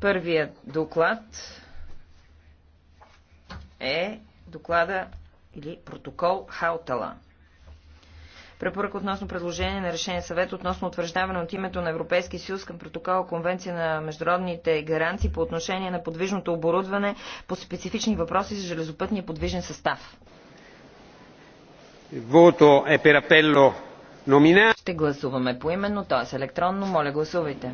Първият доклад е доклада или протокол Хаутала. Препоръка относно предложение на решение съвет относно утвърждаване от името на Европейски съюз към протокола Конвенция на международните гаранции по отношение на подвижното оборудване по специфични въпроси за железопътния подвижен състав. Вото е per номина. Ще гласуваме поименно, т.е. електронно. Моля гласувайте.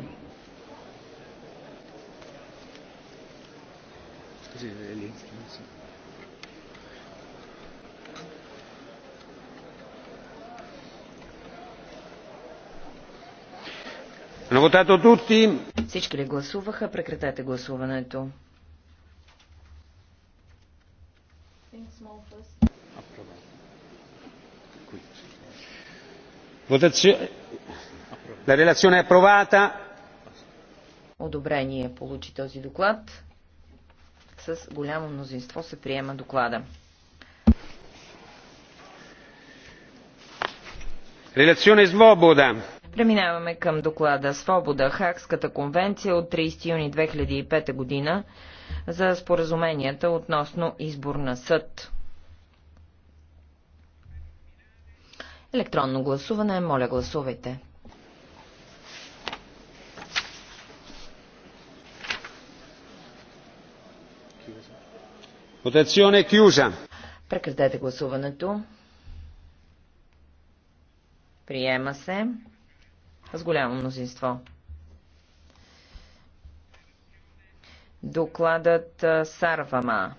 Всички ли гласуваха? Прекратете гласуването. Одобрение получи този доклад с голямо мнозинство се приема доклада. Релационе Свобода. Преминаваме към доклада Свобода, Хакската конвенция от 30 юни 2005 година за споразуменията относно избор на съд. Електронно гласуване, моля гласувайте. Votazione chiusa. Прекратете гласуването. Приема се с голямо мнозинство. Докладът Сарвама.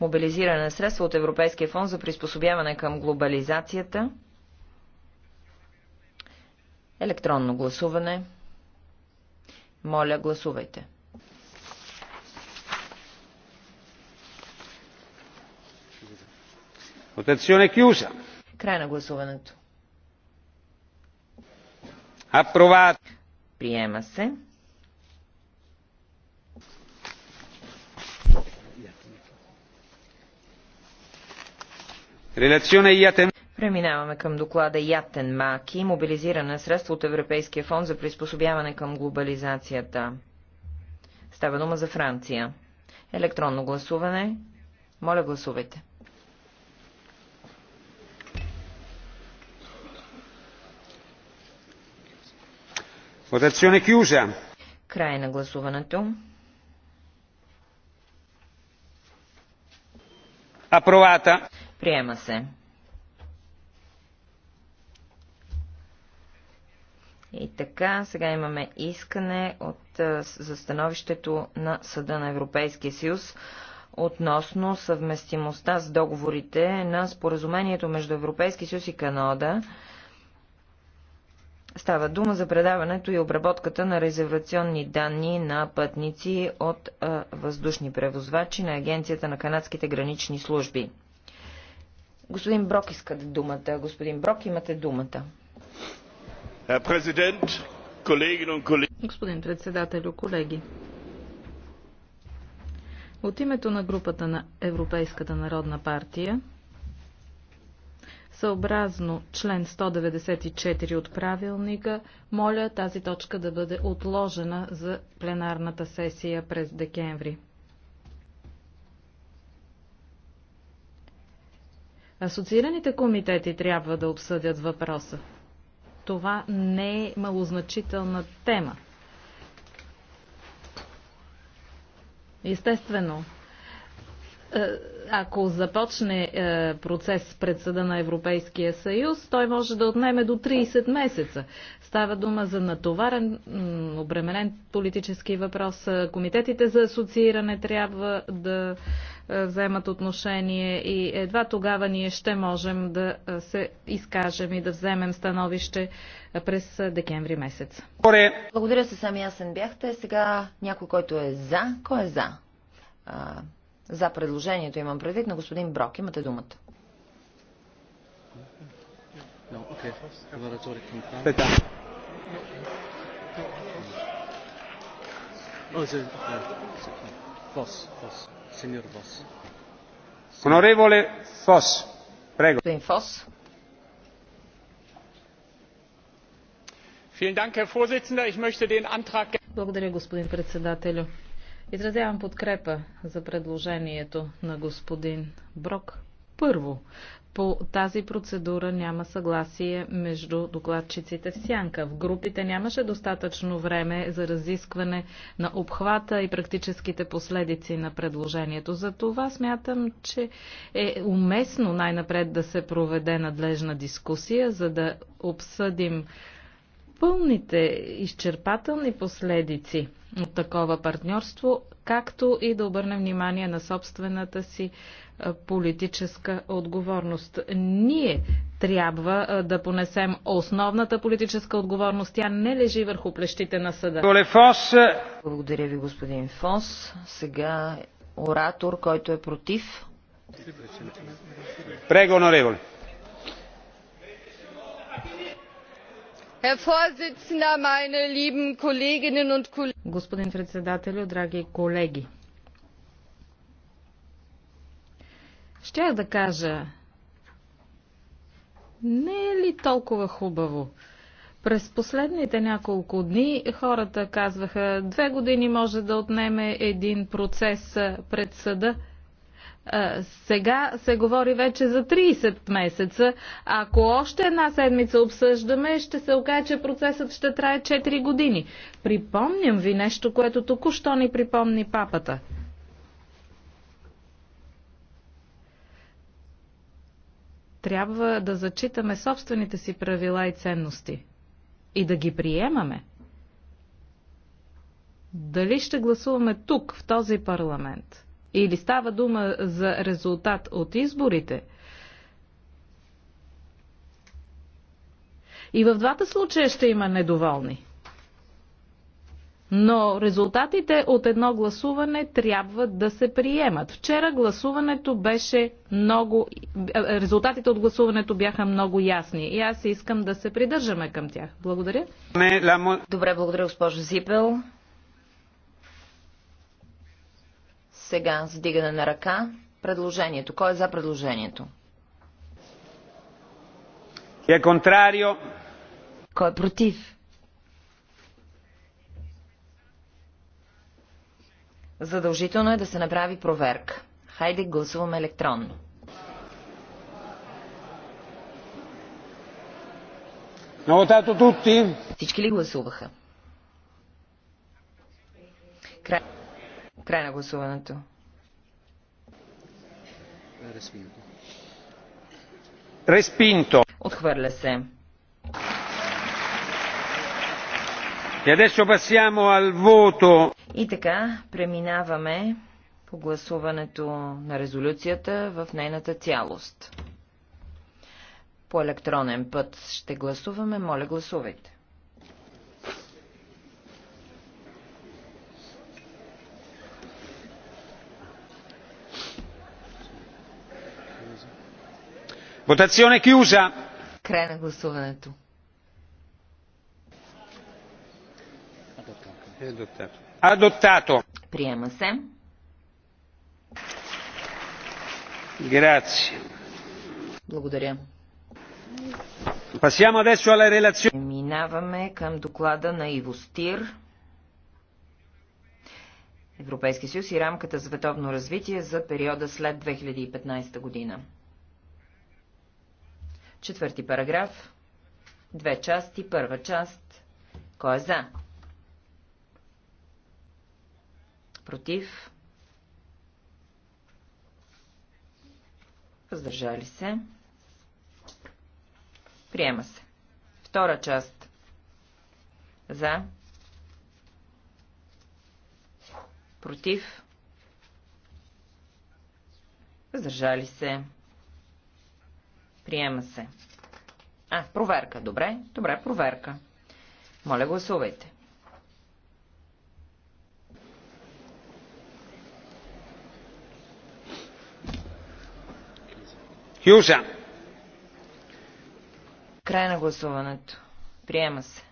Мобилизиране на средства от Европейския фонд за приспособяване към глобализацията. Електронно гласуване. Моля, гласувайте. Край на гласуването. Апроват. Приема се. Преминаваме към доклада Ятен Маки, мобилизиране на средства от Европейския фонд за приспособяване към глобализацията. Става дума за Франция. Електронно гласуване. Моля гласувайте. Votazione chiusa. Край на гласуването. Апровата. Приема се. И така, сега имаме искане от, за становището на Съда на Европейския съюз относно съвместимостта с договорите на споразумението между Европейския съюз и Канада Става дума за предаването и обработката на резервационни данни на пътници от а, въздушни превозвачи на Агенцията на канадските гранични служби. Господин Брок иска думата. Господин Брок, имате думата. Господин председател, колеги. От името на групата на Европейската народна партия Съобразно член 194 от правилника, моля тази точка да бъде отложена за пленарната сесия през декември. Асоциираните комитети трябва да обсъдят въпроса. Това не е малозначителна тема. Естествено, е, ако започне е, процес пред съда на Европейския съюз, той може да отнеме до 30 месеца. Става дума за натоварен, обременен политически въпрос. Е, комитетите за асоцииране трябва да вземат отношение и едва тогава ние ще можем да се изкажем и да вземем становище през декември месец. Благодаря се, сами ясен бяхте. Сега някой, който е за, кой е за? За предложението имам предвид на господин Брок. Имате думата. Онореволе Фос. Прего. Господин Фос. Благодаря, господин председателю. Изразявам подкрепа за предложението на господин Брок. Първо, по тази процедура няма съгласие между докладчиците в сянка. В групите нямаше достатъчно време за разискване на обхвата и практическите последици на предложението. За това смятам, че е уместно най-напред да се проведе надлежна дискусия, за да обсъдим пълните изчерпателни последици от такова партньорство, както и да обърнем внимание на собствената си е, политическа отговорност. Ние трябва е, да понесем основната политическа отговорност. Тя не лежи върху плещите на съда. Благодаря ви, господин Фос. Сега оратор, който е против. Прего, Господин председател, драги колеги, щях да кажа, не е ли толкова хубаво? През последните няколко дни хората казваха, две години може да отнеме един процес пред съда – сега се говори вече за 30 месеца. Ако още една седмица обсъждаме, ще се окаже, че процесът ще трае 4 години. Припомням ви нещо, което току-що ни припомни папата. Трябва да зачитаме собствените си правила и ценности и да ги приемаме. Дали ще гласуваме тук, в този парламент – или става дума за резултат от изборите, и в двата случая ще има недоволни. Но резултатите от едно гласуване трябва да се приемат. Вчера гласуването беше много. Резултатите от гласуването бяха много ясни и аз искам да се придържаме към тях. Благодаря. Добре, благодаря, госпожо Зипел. Сега с дигане на ръка. Предложението. Кой е за предложението? Е контрарио. Кой е против? Задължително е да се направи проверка. Хайде гласуваме електронно. Всички ли гласуваха? Край. Край на гласуването. Респинто. Отхвърля се. И adesso passiamo al voto. И така, преминаваме по гласуването на резолюцията в нейната цялост. По електронен път ще гласуваме. Моля, гласувайте. Votazione chiusa. Край на гласуването. Адоптато. Приема се. Благодаря. Passiamo adesso alla relazione. Минаваме към доклада на Ивостир. Европейски съюз и рамката за световно развитие за периода след 2015 година. Четвърти параграф. Две части. Първа част. Кой е за? Против. Въздържали се. Приема се. Втора част. За. Против. Въздържали се. Приема се. А, проверка. Добре. Добре, проверка. Моля, гласувайте. Хюша. Край на гласуването. Приема се.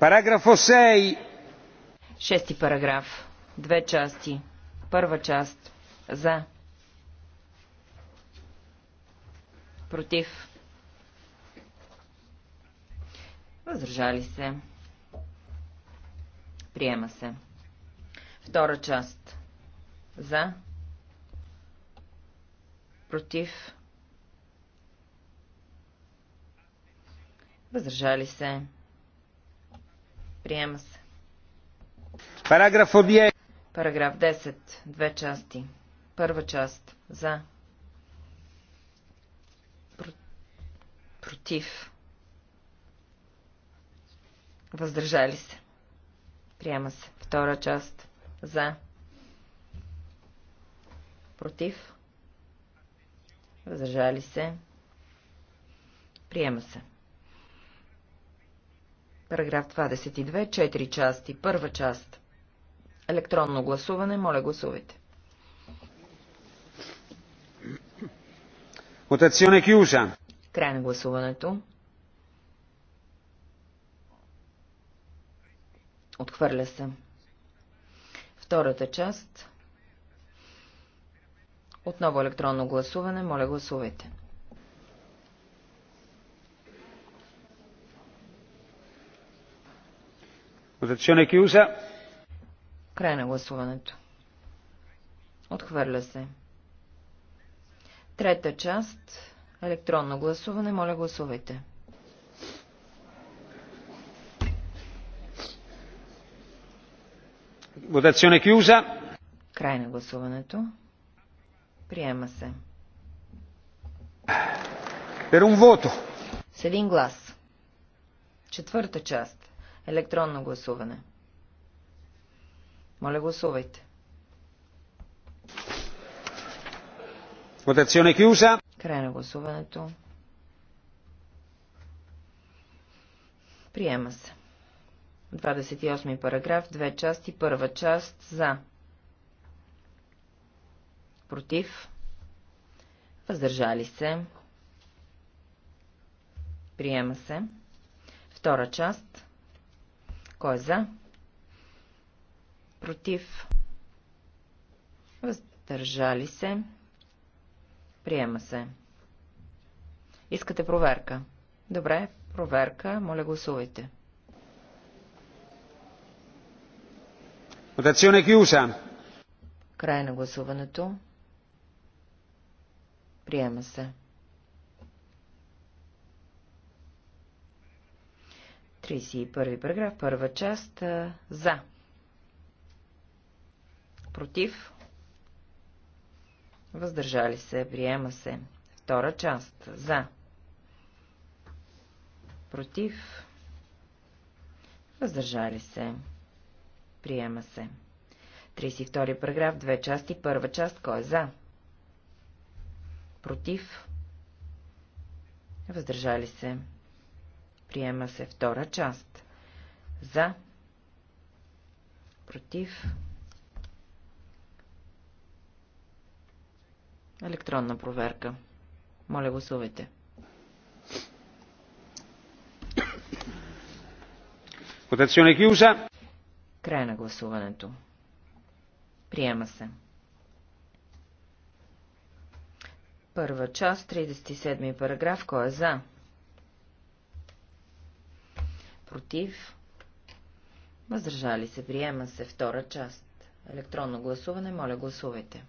Параграф 6. Шести параграф. Две части. Първа част. За. Против. Въздържали се. Приема се. Втора част. За. Против. Въздържали се. Приема се. Параграф 10. Две части. Първа част. За. Против. Въздържали се. Приема се. Втора част. За. Против. Въздържали се. Приема се. Параграф 22. 4 части. Първа част. Електронно гласуване. Моля гласувайте. Votazione chiusa. Край на гласуването. Отхвърля се. Втората част. Отново електронно гласуване. Моля, гласувайте. Votazione chiusa. Край на гласуването. Отхвърля се. Трета част. Електронно гласуване. Моля, гласувайте. Votazione chiusa. Край на гласуването. Приема се. Per un voto. С един глас. Четвърта част. Електронно гласуване. Моля, гласувайте. Votazione chiusa. Край на гласуването. Приема се. 28 параграф, две части, първа част за. Против. Въздържали се. Приема се. Втора част. Кой е за? Против. Въздържали се. Приема се. Искате проверка? Добре, проверка. Моля, гласувайте. Votazione chiusa. Край на гласуването. Приема се. 31 параграф, първа част, за. Против. Въздържали се. Приема се. Втора част. За. Против. Въздържали се. Приема се. 32 параграф, две части, първа част, кой е за? Против? Въздържали се. Приема се втора част. За? Против? Електронна проверка. Моля, гласувайте. Votazione Кюза. Край на гласуването. Приема се. Първа част, 37 параграф. Кой е за? Против? Въздържали се. Приема се. Втора част. Електронно гласуване. Моля, гласувайте.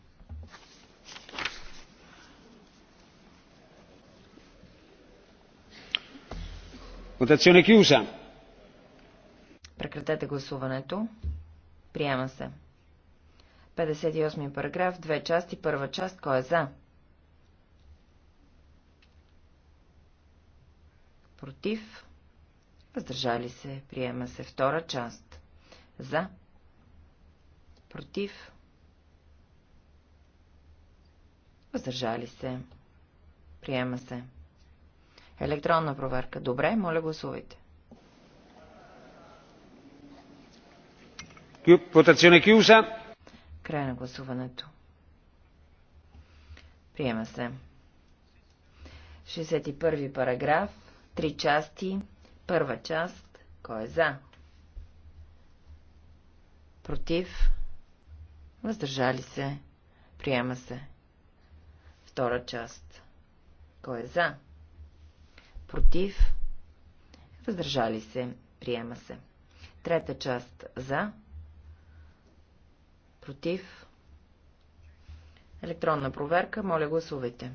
Votazione chiusa. Прекратете гласуването. Приема се. 58 параграф, две части, първа част, кой е за? Против. Въздържали се. Приема се втора част. За. Против. Въздържали се. Приема се. Електронна проверка. Добре, моля гласувайте. Votazione chiusa. Край на гласуването. Приема се. 61 параграф, три части, първа част, кой е за? Против? Въздържали се? Приема се. Втора част. Кой е за? против, въздържали се, приема се. Трета част за, против, електронна проверка, моля гласувайте.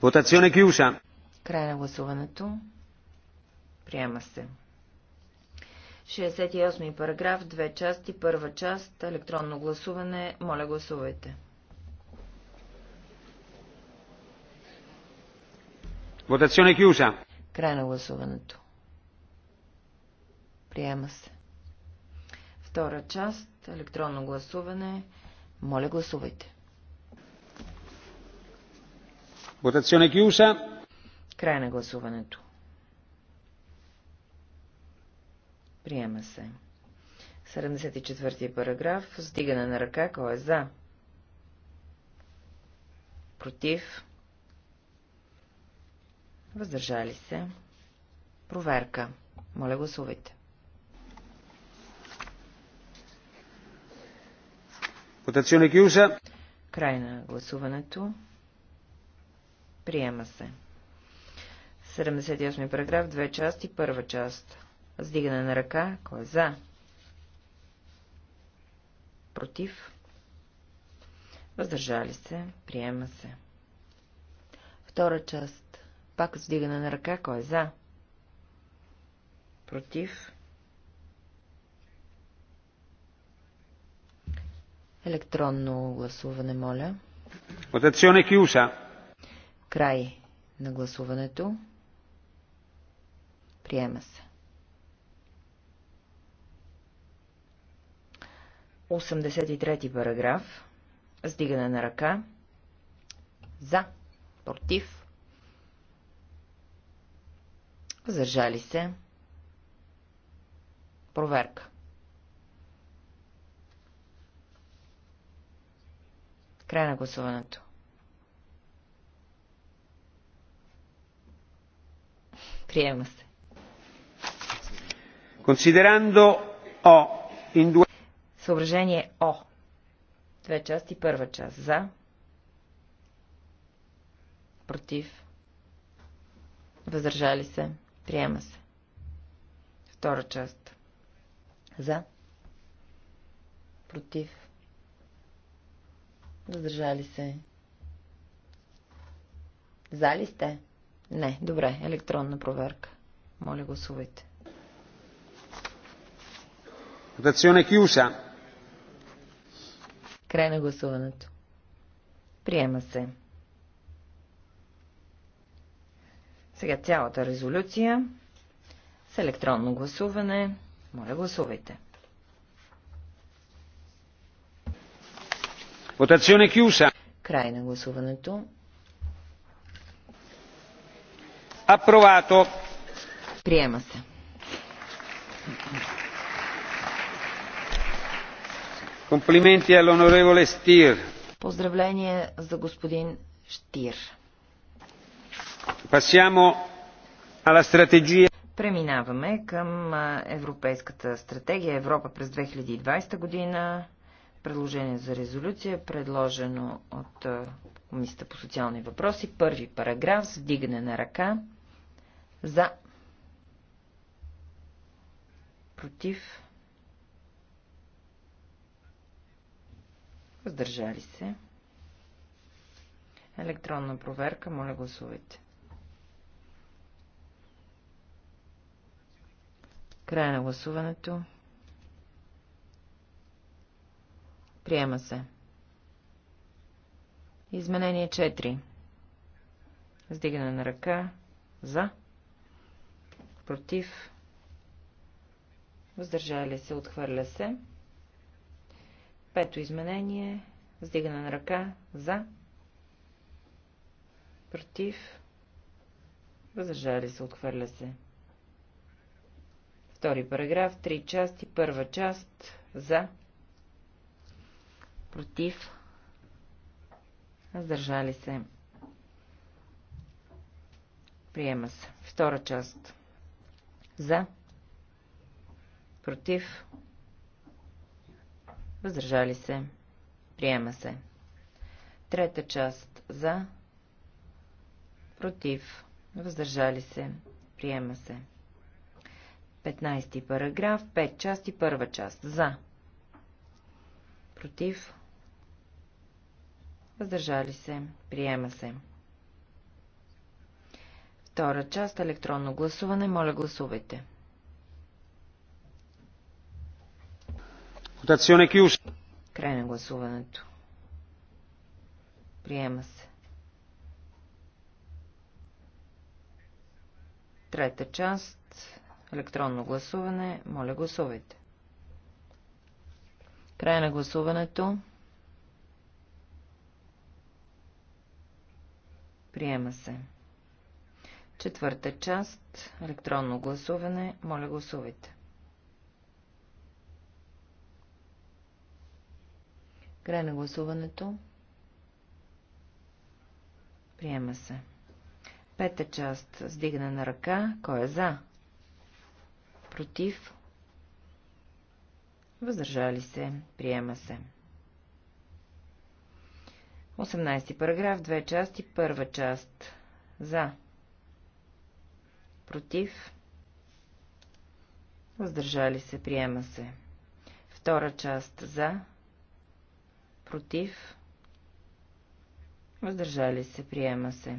Votazione chiusa. Край на гласуването. Приема се. 68 параграф, две части, първа част, електронно гласуване. Моля, гласувайте. Votazione chiusa. Край на гласуването. Приема се. Втора част, електронно гласуване. Моля, гласувайте. Votazione chiusa. Край на гласуването. Приема се. 74 параграф. Сдигане на ръка. Кой е за? Против. Въздържали се. Проверка. Моля гласувайте. Потационни кюша. Край на гласуването. Приема се. 78 параграф, две части, първа част. Сдигане на ръка. Кой е за? Против. Въздържали се. Приема се. Втора част. Пак сдигане на ръка. Кой е за? Против. Електронно гласуване, моля. е кюса. Край на гласуването. Приема се. 83 параграф. Сдигане на ръка. За. Против. Въздържали се. Проверка. Край на гласуването. Приема се. Considerando O in due Съображение О. Две части, първа част. За. Против. Въздържали се. Приема се. Втора част. За. Против. Въздържали се. За ли сте? Не, добре, електронна проверка. Моля, гласувайте. Votazione chiusa. Край на гласуването. Приема се. Сега цялата резолюция с електронно гласуване. Моля, гласувайте. Votazione chiusa. Край на гласуването. Апровато. Приема се. Комплименти all'onorevole Стир. Поздравление за господин Штир. Passiamo ала стратегия. Преминаваме към Европейската стратегия Европа през 2020 година. Предложение за резолюция, предложено от Комисията по социални въпроси. Първи параграф с вдигане на ръка за против Въздържали се. Електронна проверка. Моля гласувайте. Край на гласуването. Приема се. Изменение 4. Сдигане на ръка. За. Против. Въздържали се. Отхвърля се. Пето изменение. Сдигане на ръка. За. Против. Въздържали се. Отхвърля се. Втори параграф. Три части. Първа част. За. Против. Въздържали се. Приема се. Втора част. За. Против. Въздържали се. Приема се. Трета част за. Против. Въздържали се. Приема се. 15 параграф, 5 части, първа част. За. Против. Въздържали се. Приема се. Втора част електронно гласуване. Моля гласувайте. Votazione chiusa. Край на гласуването. Приема се. Трета част. Електронно гласуване. Моля, гласувайте. Край на гласуването. Приема се. Четвърта част. Електронно гласуване. Моля, гласувайте. Край на гласуването. Приема се. Пета част. Сдигане на ръка. Кой е за? Против. Въздържали се. Приема се. 18 параграф. Две части. Първа част. За. Против. Въздържали се. Приема се. Втора част. За против, въздържали се, приема се.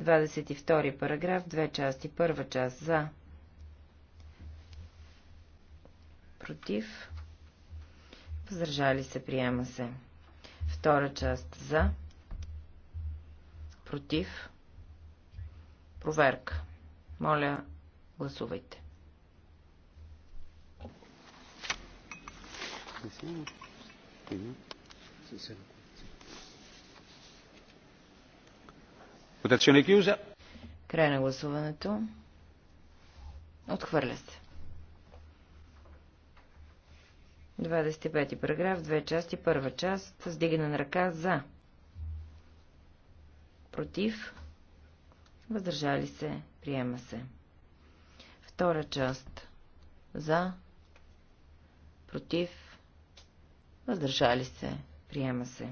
22 параграф, две части, първа част за, против, въздържали се, приема се. Втора част за, против, проверка. Моля, гласувайте. Спасибо. Votazione chiusa. Край на гласуването. Отхвърля се. 25 параграф, две части, първа част, с на ръка за. Против. Въздържали се. Приема се. Втора част. За. Против. Въздържали се. Приема се.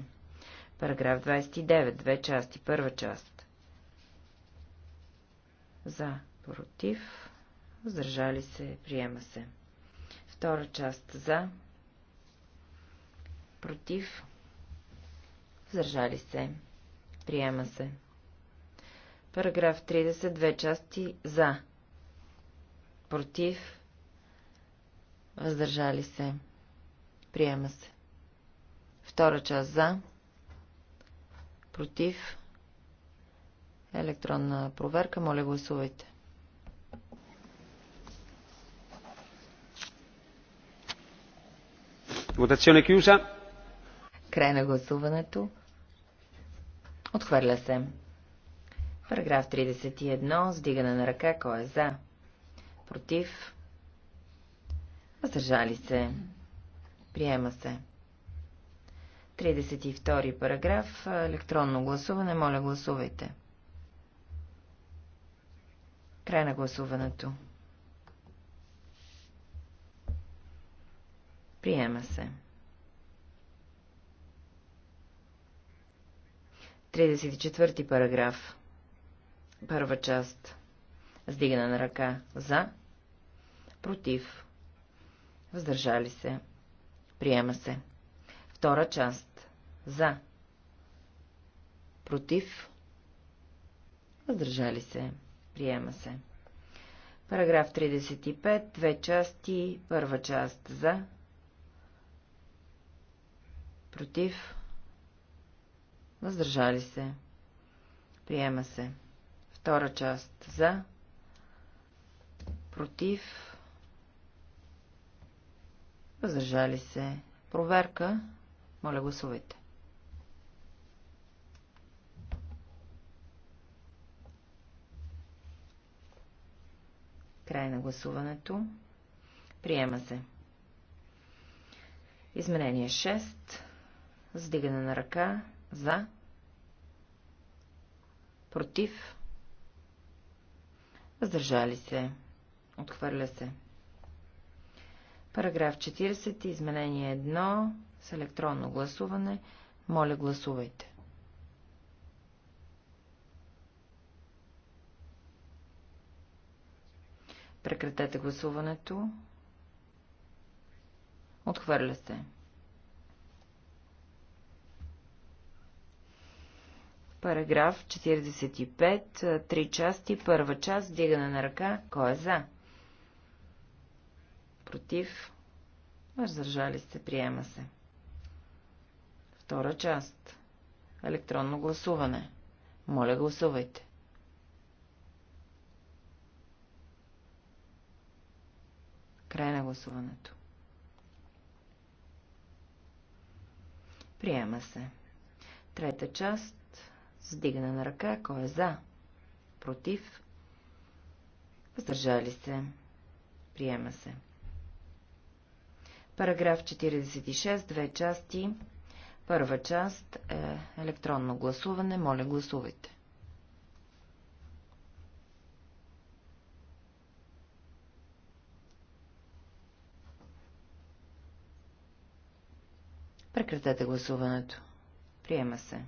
Параграф 29. Две части. Първа част. За. Против. Въздържали се. Приема се. Втора част. За. Против. Въздържали се. Приема се. Параграф 30. Две части. За. Против. Въздържали се. Приема се. Втора част за. Против. Електронна проверка. Моля гласувайте. Votazione chiusa. Край на гласуването. Отхвърля се. Параграф 31. Сдигане на ръка. Кой е за? Против? Въздържали се. Приема се. 32 параграф. Електронно гласуване. Моля, гласувайте. Край на гласуването. Приема се. 34 параграф. Първа част. Сдигане на ръка. За. Против. Въздържали се. Приема се. Втора част. За. Против. Въздържали се. Приема се. Параграф 35. Две части. Първа част. За. Против. Въздържали се. Приема се. Втора част. За. Против. Въздържали се. Проверка. Моля, гласувайте. Край на гласуването. Приема се. Изменение 6. Сдигане на ръка. За. Против. Въздържали се. Отхвърля се. Параграф 40. Изменение 1 с електронно гласуване. Моля, гласувайте. Прекратете гласуването. Отхвърля се. Параграф 45, три части, първа част, дигане на ръка, кой е за? Против, въздържали се, приема се. Втора част. Електронно гласуване. Моля, гласувайте. Край на гласуването. Приема се. Трета част. Сдигане на ръка. Кой е за? Против? Въздържали се. Приема се. Параграф 46. Две части. Първа част е електронно гласуване. Моля, гласувайте. Прекратете гласуването. Приема се.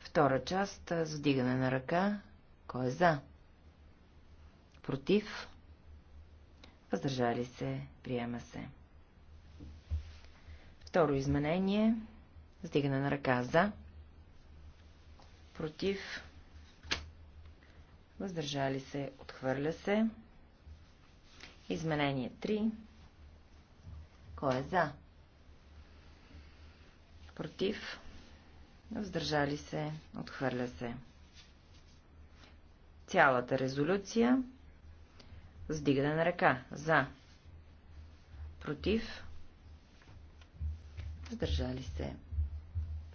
Втора част с вдигане на ръка. Кой е за? Против? Въздържали се. Приема се. Второ изменение. Сдигане на ръка за. Против. Въздържали се. Отхвърля се. Изменение 3. Кой е за? Против. Въздържали се. Отхвърля се. Цялата резолюция. Сдигане на ръка. За. Против Въздържали се.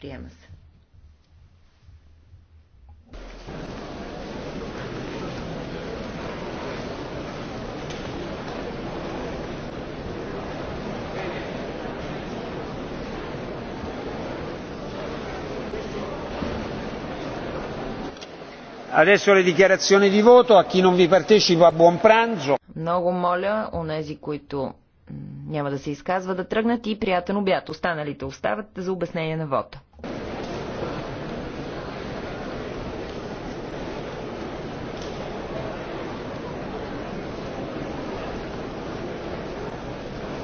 Приема се. Adesso le dichiarazioni di voto, a chi non vi partecipa buon pranzo. Много моля, онези, които няма да се изказва да тръгнат и приятен обяд. Останалите остават за обяснение на вода.